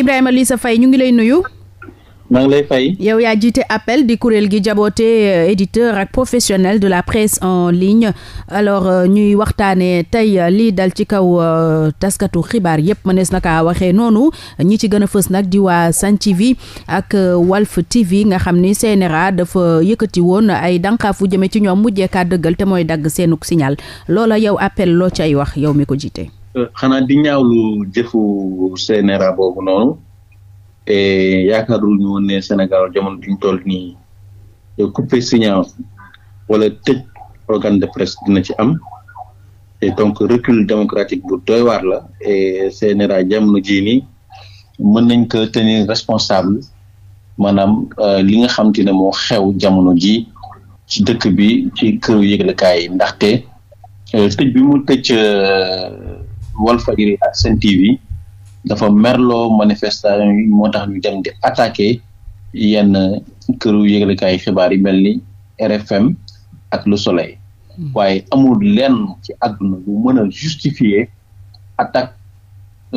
Ibrahima sa fay ñu ngi lay nuyu. yow yaa jiite appel di kuréel gi jaboote euh, éditeur ak professionnel de la presse en ligne alors euh, ñuy waxtaanee tey euh, lii dal ci kaw taskatu xibaar yépp mënees na kaa waxee noonu ñi ci gën a fës nag di waa Sen TV ak Walf TV nga xam ni CNRA dafa yëkkati woon ay dànqaafu jëme ci ñoom mujjee kaa dëggal te mooy dagg seenug signal loola yow appel loo ci wax yow mi ko jiite. xanaa di ñaawlu jëfu CNRA boobu noonu et yaakaarul ñu woon ne Sénégal jamono bi ñu toll nii euh, couper signal wala tëj organe de presse dina ci am et donc recul démocratique bu doy waar la et CNRA jamono jii nii mën nañ ko tenir responsable maanaam euh, li nga xam te ne moo xew jamono ji ci dëkk bi ci këru yëglekaay yi ndaxte euh, tëj bi mu tëj. Walfadjri ak Sen TV dafa merloo manifestation yi moo tax ñu dem di attaqué yenn këru yëglekaay xibaar yi mel ni RFM ak Le Soleil hmm. waaye amul lenn ci àdduna bu mën a justifier attaque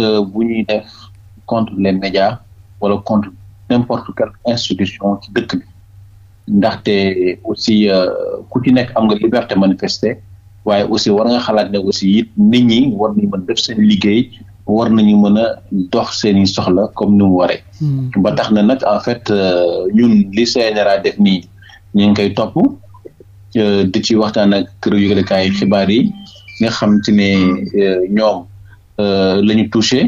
euh, bu ñuy def contre les médias wala contre n'importe quelle institution ci dëkk bi ndaxte aussi euh, ku ci nekk am nga liberté manifester waaye aussi war nga xalaat ne aussi it nit ñi war nañu mën def seen liggéey war nañu mën a dox seen i soxla comme ni mu waree. Hmm. ba tax na nag en fait euh, ñun li CNRA def nii ñu ngi koy topp euh, di ci waxtaan ak këru yëglekaay xibaar yi nga xam ci ne euh, ñoom la ñu touché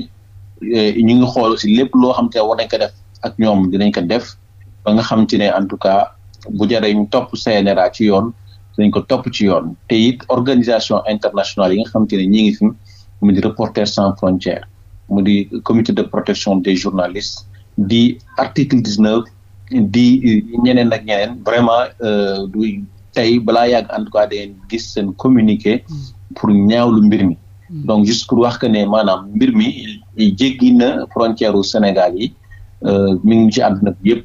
ñu ngi xool aussi lépp loo xam te war nañ ko def ak ñoom dinañ ko def ba nga xam ci ne en tout cas bu jaree ñu topp CNRA ci yoon. dañ ko topp ci yoon te it organisation internationale yi nga xamante ne ñi ngi fi mu di Reporters sans frontières mu di comité de protection des journalistes di article di ñeneen ak ñeneen vraiment euh, du tey balaa yàgg en tout cas dañuy gis seen communiqué pour ñaawlu mbir mi. Mm. donc juste pour wax que ne maanaam mbir mi jéggi na frontière u Sénégal yi euh, mi ngi ci àdduna bi yëpp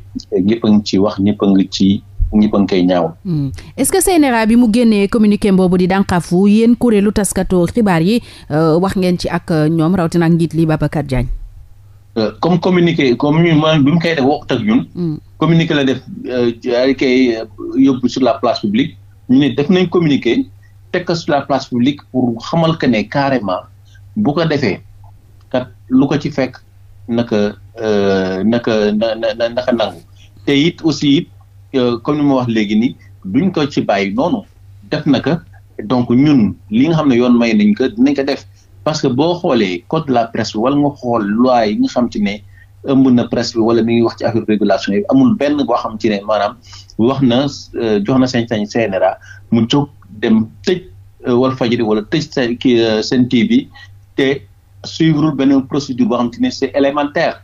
ñëpp ngi ci wax ñëpp a ngi ci. ñëpp a ngi koy ñaaw. Hmm. est-ce que CNRA bi mu génnee communiqué boobu di dànqaafu yéen kuréelu taskatu xibaar yi euh, wax ngeen ci ak euh, ñoom rawatina ak njiit li Babacar Diagne. Euh, comme communiqué comme ñu koy def waxut ak ñun. Hmm. communiqué la def ay kay sur la place publique ñu ne def nañ communiqué teg ko sur la place publique pour xamal que ne carrément bu ko defee kat lu ko ci fekk naka naka na naka nangu te it aussi it comme ni ma wax léegi nii duñ ko ci bàyyi noonu def na ko donc ñun li nga xam ne yoon may nañ ko dinañ ko def parce que boo xoolee code de la presse wala nga xool loi yi nga xam ci ne ëmb na presse wala mi ngi wax ci affaire régulation yi amul benn boo xam ci ne maanaam wax na euh, jox na sañ-sañ CNRA mu jóg dem tëj euh, wal fajiri wala tëj seen kii euh, seen TV te suivre benn procédure boo xam c'est élémentaire.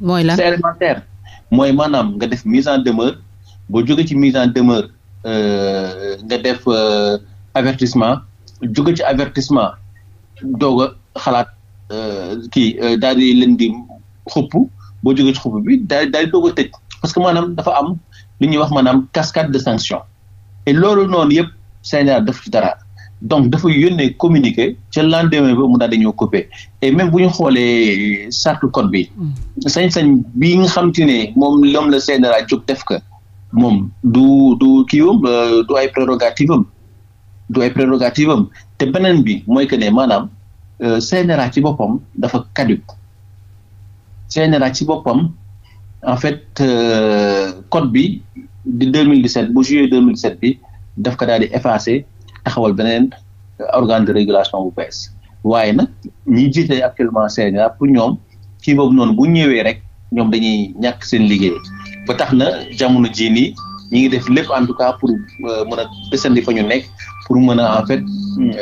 mooy lan élémentaire mooy maanaam nga def mise en demeure boo jóge ci mise en demeure euh, nga def euh, avertissement jóge ci avertissement doog a xalaat euh, kii daal di leen di xupp boo jóge ci xupp bi daal daal doog a tëj parce que maanaam dafa am lu ñuy wax maanaam cascade de sanction loolu noonu yëpp CNRA def ci dara donc dafa yónnee communiqué ca lendemain ba mu daal dañoo coupé et même bu ñu xoolee charte code bi mm. sañ-sañ bi nga xam ne moom loom la a jóg def ko moom du du kiiwam euh, du ay prérogative am du ay prérogative te beneen bi mooy que ne maanaam euh, CNRA ci boppam dafa caduc seeneera ci boppam en fait euh, code bi di 2017 bu juillet 2017 bi daf ko daal di effacé taxawal beneen organe de régulation bu bees waaye nag ñi jiite actuellement CNRA pour ñoom kii boobu noonu bu ñëwee rek ñoom dañuy ñàkk seen liggéey. ba tax na jamono jii nii ñu ngi def lépp en tout cas pour euh, mën a desandi ñu nekk pour mën a en fait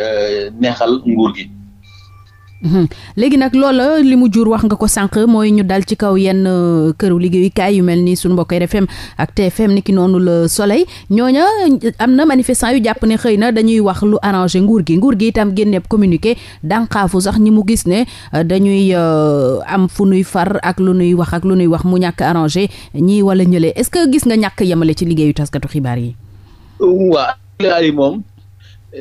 euh, neexal nguur gi. Mhm. léegi nag loola li mu jur wax nga ko sànq mooy ñu dal ci kaw yenn euh, këru liggéeyukaay yu mel ni suñu mbokk RFM ak TFM ni ki noonu le soleil ñooña am na manifestant yu jàpp ne xëy na dañuy wax lu arrangé nguur gi nguur gi itam génneeb communiquer dànqaafu sax ñi mu gis ne euh, dañuy euh, am fu nuy far ak lu nuy wax ak lu nuy wax mu ñàkk arrangé ñii wala ñële est-ce que gis nga ñàkk yemale ci liggéeyu taskatu xibaar yi waa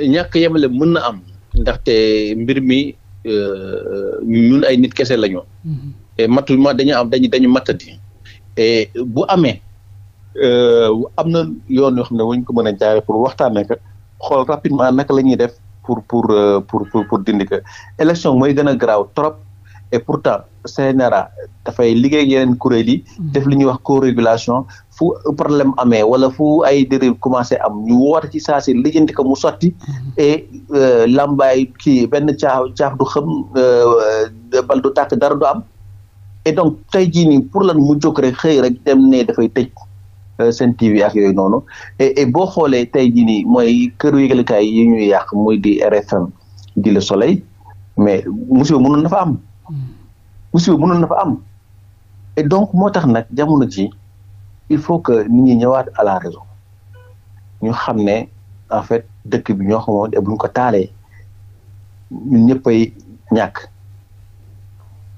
ñàkk yemale mën na am ndaxte mbir mi Euh, euh, ñun ay nit kese la ñu. Mm-hmm. et matulement dañu am dañ dañu matadi. et bu amee euh, am na yoon yoo xam ne wañ ko mën a jaare pour waxtaanee ko xool rapidement naka la ñuy def pour pour pour pour dindi ko élection mooy gën garaaw trop et pourtant. CNRA dafay liggéey ak yeneen kuréel yi. Mm-hmm. def lu ñuy wax co-régulation fu problème amee wala fu ay dérive commencé am ñu woote ci saa si lijjanti ko mu sotti. Mm-hmm. e euh, làmbaay kii benn caaf caaf du xam euh, bal du tàkk dara du am. et donc tey jii nii pour lan mu jóg rek xëy rek dem ne dafay tëj euh, seen TV ak yooyu noonu et boo xoolee tey jii nii mooy kër yëgalikaay yi ñuy yàq muy di RFM di Le Soleil mais monsieur mënoon na fa am. Mm-hmm. musiba mënoon na fa am et donc moo tax nag jamono ji il faut que ni ñi ñëwaat à la raison ñu xam ne en fait dëkk bi ñoo xamoon bu ñu ko taalee ñun ñëppay ñàkk.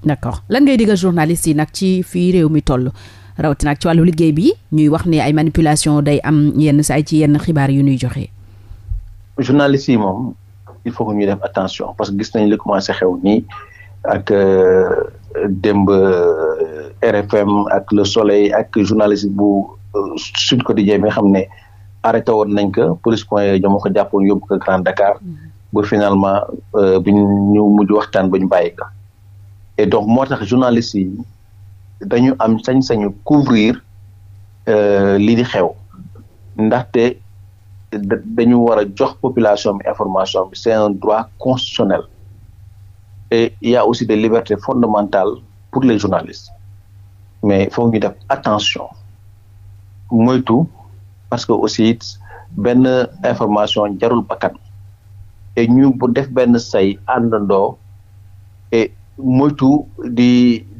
d'accord lan ngay digal journaliste yi nag ci fii réew mi toll rawatina ak ci wàllu liggéey bi ñuy wax ne ay manipulation day am yenn saay ci yenn xibaar yu ñuy joxe. journaliste yi moom il faut que ñu def attention parce que gis nañ li commencé xew nii ak. Euh, démb euh, RFM ak Le Soleil ak journaliste bu euh, Sud Quotidien bi nga xam ne arrêté woon nañ ko police point yooyu ñoo ko jàppoon yóbbu ko Grand Dakar mm-hmm. ba finalement euh, bi ñu mujj waxtaan ba ñu bàyyi ko et donc moo tax journaliste yi dañu am sañ-sañu couvrir lii di xew ndaxte dañu war a jox population bi information bi c'est un droit constitutionnel et il y a aussi des libertés fondamentales pour les journalistes mais foog ñu def attention moytu parce que aussi it benn information jarul bakkan et ñu bu def benn say àndandoo et moytu di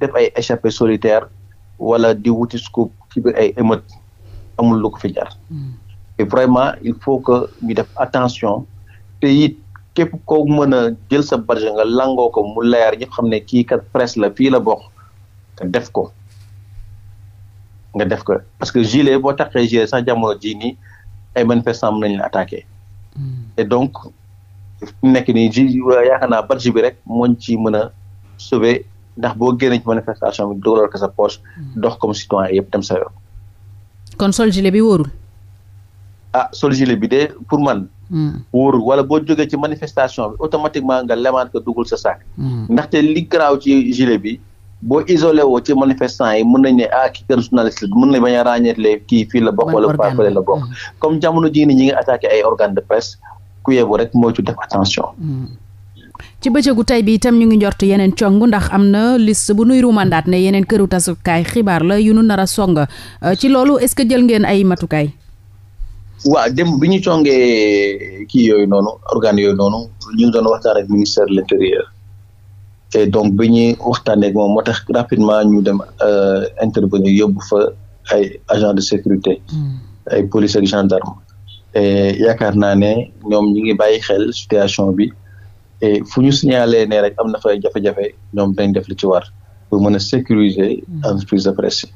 def ay échappée solitaire wala di wuti scoop ci biir ay émeute amul lu fi jar mm. vraiment il faut que ñu def attention te it képp koo mën a jël sa budget nga langoo ko mu leer ñëpp xam ne kii kat presse la fii la bokk nga def ko nga def ko parce que gilet boo taxee gilet sax jamono jii nii ay manifestants nañ la attaqué e donc nekk nii ji yaakaar naa budget bi rek mooñ ci mën a sauver ndax boo génnee ci manifestation bi dugalal poche hmm. dox comme citoyen yëpp dem kon sol gilet bi wóorul ah sol gilet bi de pour man Hmm. wóorul wala boo jógee ci manifestation bi automatiquement nga lemaat ko dugal sa saak. Hmm. ndaxte li garaaw ci gilet bi boo isolé woo ci manifestant yi mën nañ ne ah kii kër journaliste mën nañ kii fii la bokk wala fafale la bokk hmm. comme jamono jii ni ñi ngi attaqué ay organe de presse ku yebu rek moo ci def attention ci bëccëgu tey bi itam ñu ngi njort yeneen cong ndax am na list bu nuy rumandaat ne yeneen këru tasukaay xibaar la yu nu nar a song euh, ci loolu est-ce que jël ngeen ay matukaay waaw démb bi ñu congee kii yooyu noonu organes yooyu noonu ñu ngi doon waxtaan ak ministère de l'intérieur et donc bi ñuy waxtaanee ak moom moo tax rapidement ñu dem euh, intervenir yóbbu fa ay agent de sécurité. Hmm. ay police ak gendarme. et yaakaar naa ne ñoom ñu ngi bàyyi xel situation bi e fu ñu signalé ne rek am na fa jafe-jafe ñoom dañ def li ci war pour mën a sécuriser hmm. entreprise de presse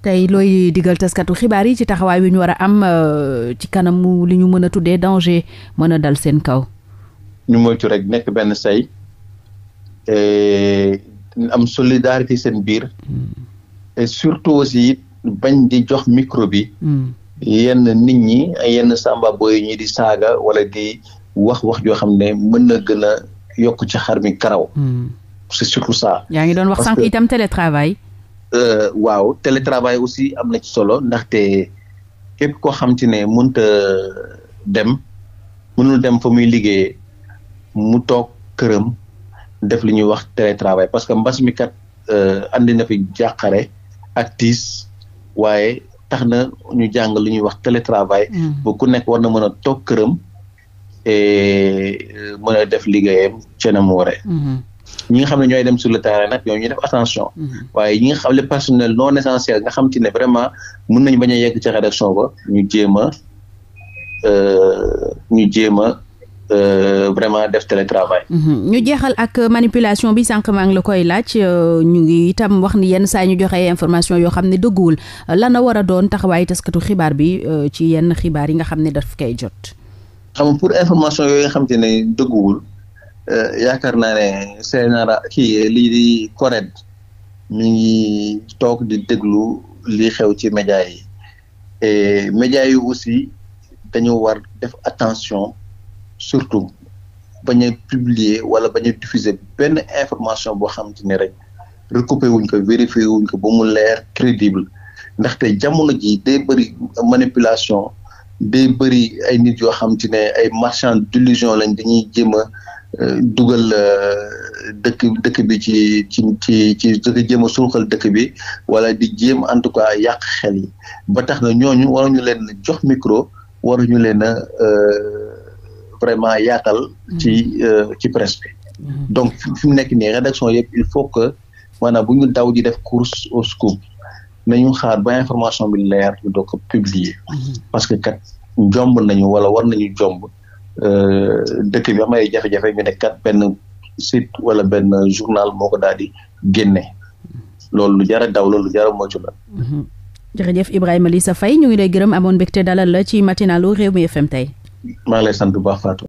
tey looy digal taskatu xibaar yi ci taxawaay wi ñu war a am euh, ci kanamu li ñu mën a tuddee danger mën a dal seen kaw. ñu moytu rek nekk benn say am solidarité seen biir hmm. et surtout aussi bañ di jox micro hmm. yenn nit ñi yenn samba booy ñi di saaga wala di wax wax joo xam ne mën na gën a yokk ci xar mi karaw. Hmm. c'est surtout ça. yaa ngi doon wax sànq itam télétravail. Euh, waaw télétravail aussi am na ci solo ndaxte képp koo xam te ne mënta dem mënul dem fa muy liggéeyee mu toog këram def li ñuy wax télétravail parce que mbas mi kat euh, andi na fi jàqare ak tiis waaye tax na ñu jàng li ñuy wax télétravail. Mm-hmm. ba ku nekk war na mën a toog këram. e mën a def liggéeyam ca ñi nga xam ne ñooy dem sur le terrain nag ñoo ñuy def attention mm-hmm. waaye ñi nga xam le personnel non essentiel nga xam te ne vraiment mun nañ bañ a yegg ca rédaction ñu jéem a euh, ñu jéem a euh, vraiment def télétravail. Mm-hmm. ñu jeexal ak manipulation bi sànq maa ngi la koy laaj euh, ñu ngi itam wax ni yenn saa ñu joxe information yoo xam ne dëgguwul lan la war a doon taxawaayu taskatu xibaar bi ci yenn xibaar yi nga xam ne daf koy jot. xam pour information yooyu nga xam te ne dëgguwul. Eh, yaakaar naa ne CNRA kii lii di CORED mi ngi toog di déglu lii xew ci média yi et média yi aussi dañu war def attention surtout bañ a publier wala bañ a diffuser benn information boo xam te rek recoupé wuñ ko vérifié wuñ ko ba mu leer crédible ndaxte jamono ji day bëri manipulation de bëri ay nit yoo xam ne ay marchand d'illusion lañ dañuy jéem dugal euh, dëkk dëkk bi ci ci ci ci dëkk a suuxal dëkk bi wala di jéem en tout cas yàq xel yi ba tax na ñooñu waruñu leen jox micro waruñu leen a euh, vraiment yaatal. ci mm-hmm. euh, ci presse mm-hmm. donc fi mu nekk nii rédaction yëpp il faut que maanaam buñu ñu daw di def course au scoop nañu xaar ba information bi leer ñu doog ko publier. Mm-hmm. parce que kat jomb nañu wala war nañu jomb. Euh, dëkk bi am ay jafe-jafe ñu ne kat benn site wala benn journal moo ko daal di génne lu jara daw loolu lu jar a moytu la. Mhm. jërëjëf Ibrahima Lissa Faye ñu ngi lay gërëm amoon mbégte dalal la ci matinalu mi FM tey. maa lay sant bu baax Fatou.